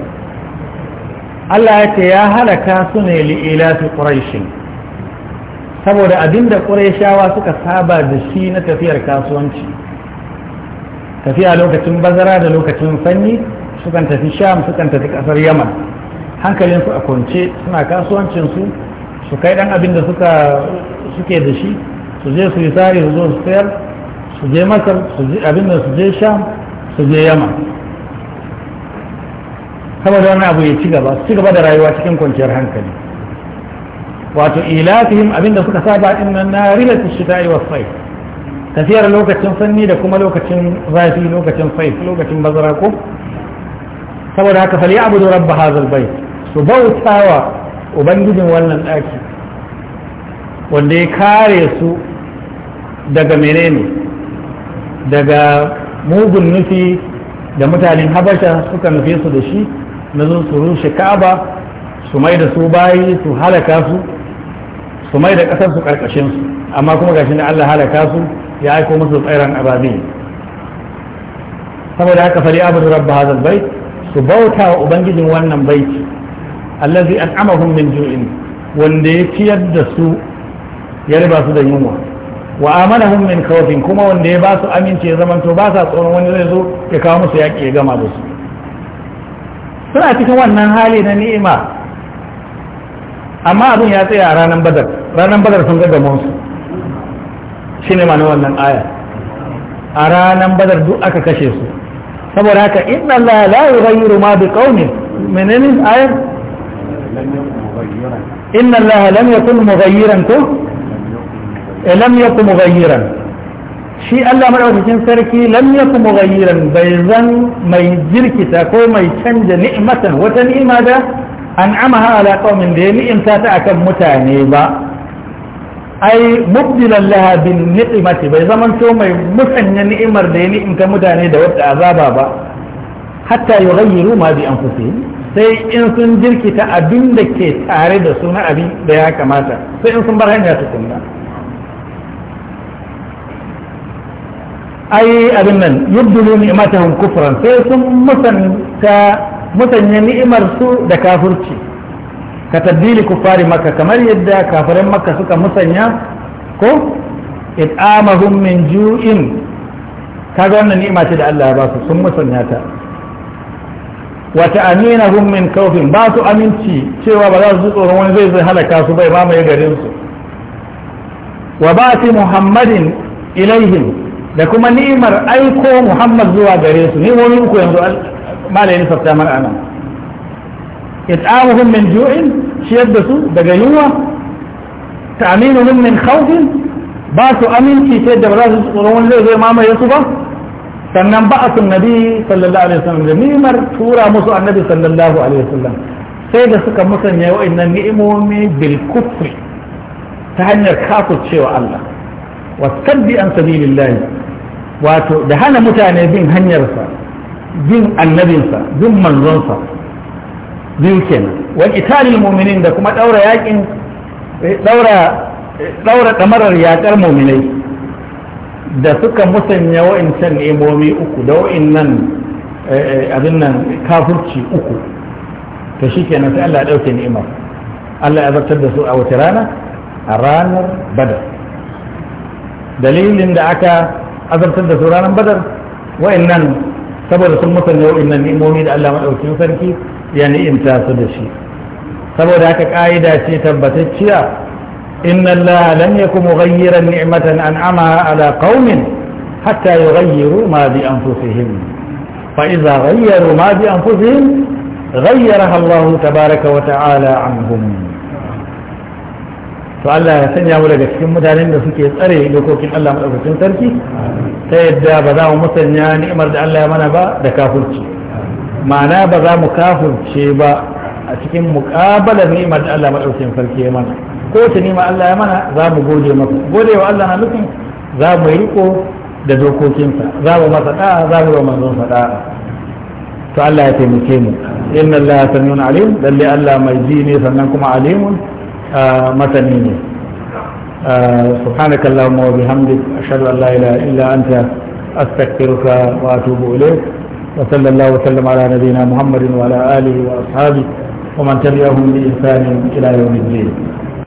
allah ya ce ya halaka su ne li'ila su ƙuraishin saboda abinda ƙuraishawa suka saba da shi na tafiyar kasuwanci tafiya lokacin bazara da lokacin sanyi sukan tafi sham sukan tafi ƙasar yaman hankalinsu a kwance suna kasuwancinsu su kai dan abin da suka suke da shi su je su yi tsari su zo su tsayar su je masar su je abin da su je sham su je yama saboda wani abu ya ci gaba su ci gaba da rayuwa cikin kwanciyar hankali wato ilatihim abin da suka saba din nan na rilatu shita'i was sayf tafiyar lokacin sanyi da kuma lokacin zafi lokacin sayf lokacin bazara ko saboda haka fali abudu rabb hadha bai su bautawa ubangijin wannan ɗaki wanda ya kare su daga menene daga mugun nufi da mutanen habasha suka nufe su da shi na zo su rushe ka'aba su mai da su bayi su halaka su su mai da ƙasar su ƙarƙashin su amma kuma gashi da Allah halaka su ya aiko musu tsairan ababi saboda haka fali abu rabba hazan bai su bauta wa ubangijin wannan baiti allazi an'amahum min ju'in wanda ya ciyar da su ya riba su da yunwa wa amanahum min khawfin kuma wanda ya ba su aminci ya zamanto ba sa tsoron wani zai zo ya kawo musu yaƙi ya gama da su suna cikin wannan hali na ni'ima amma abin ya tsaya a ranar badar ranar badar sun gaggama su shine ma na wannan aya a ranar badar duk aka kashe su saboda haka inna la la yughayyiru ma bi qaumin menene ayar إن الله لم يكن مغيرا كه لم يكن مغيرا شيء الله مرعو تشين سركي لم يكن مغيرا بيضا ما يجر كتاكو ما يشنج نعمة وتنئي ماذا أنعمها على قوم دي نئم ساتعك متانيبا أي مبدلا لها بالنقمة بيضا من شو ما يمسن نئمر دي نئم كمتانيدا وابت حتى يغيروا ما بأنفسهم sai in sun jirkita abin da ke tare da su na abin da ya kamata sai in sun bar hanya su kunna ai abin nan yubdulu ni'matahum kufran sai sun musanta musanya ni'imar su da kafirci ka tabdili kufari makka kamar yadda kafirin makka suka musanya ko it'amahum min ju'in kaga wannan ni'ima ce da Allah ya ba su sun musanya ta wata amina hun min kaufin ba su aminci cewa ba za su tsoron wani zai zai halaka su bai mamaye garin su wa ba su muhammadin ilaihim da kuma ni'imar aiko muhammad zuwa gare su ni'imomi uku yanzu malayin sassa mana ana it'amuhum min ju'in ciyar da su daga yunwa ta'minuhum min khawfin ba su aminci ce da ba za su tsoron wani zai zai mamaye su ba sannan ba'asun nabi sallallahu alaihi wasallam da ni'mar tura musu annabi sallallahu alaihi wasallam sai da suka musanya wa'annan ni'imomi bil kufri ta hanyar kafircewa Allah wa sabbi an sabilillahi wato da hana mutane bin hanyarsa bin annabinsa bin manzonsa biyu kenan wa qitalil mu'minin da kuma daura yakin daura daura kamarar yakar mu'minai da suka musanya wa'incan ne'imomi uku da wa'innan eh, eh, abin nan kafurci uku to shi kenan sai Allah ya ɗauke ni'imar Allah ya zartar da su a wata rana a ranar badar dalilin da aka azartar da su ranar badar wa'innan saboda sun musanya wa'innan ni'imomi da Allah maɗauki sarki ya ni'imta su da shi saboda aka ƙa'ida ce tabbatacciya إن الله لم يكن مغيرا نعمة أنعمها على قوم حتى يغيروا ما بأنفسهم فإذا غيروا ما بأنفسهم غيرها الله تبارك وتعالى عنهم فالله يسني أولا جسكين متعلم لسكي يسأري لكوكين الله مؤفسين تركي سيدا بذا ومسنيا نعمر دع الله منا با دكافرشي معناه بذا مكافرشي با أتكين مقابلة نعمر دع الله مؤفسين تركي منا ko ta nema Allah ya mana za mu gode masa gode wa Allah na nufin za mu yi riko da dokokinsa za mu masa da'a za mu yi manzon sa da'a to Allah ya taimake mu inna Allah ya samiun alim lalle Allah mai ji ne sannan kuma alimun masani ne سبحانك اللهم وبحمدك أشهد أن لا إله إلا أنت أستغفرك وأتوب إليك وصلى الله وسلم على نبينا محمد وعلى آله وأصحابه ومن تبعهم بإحسان إلى يوم الدين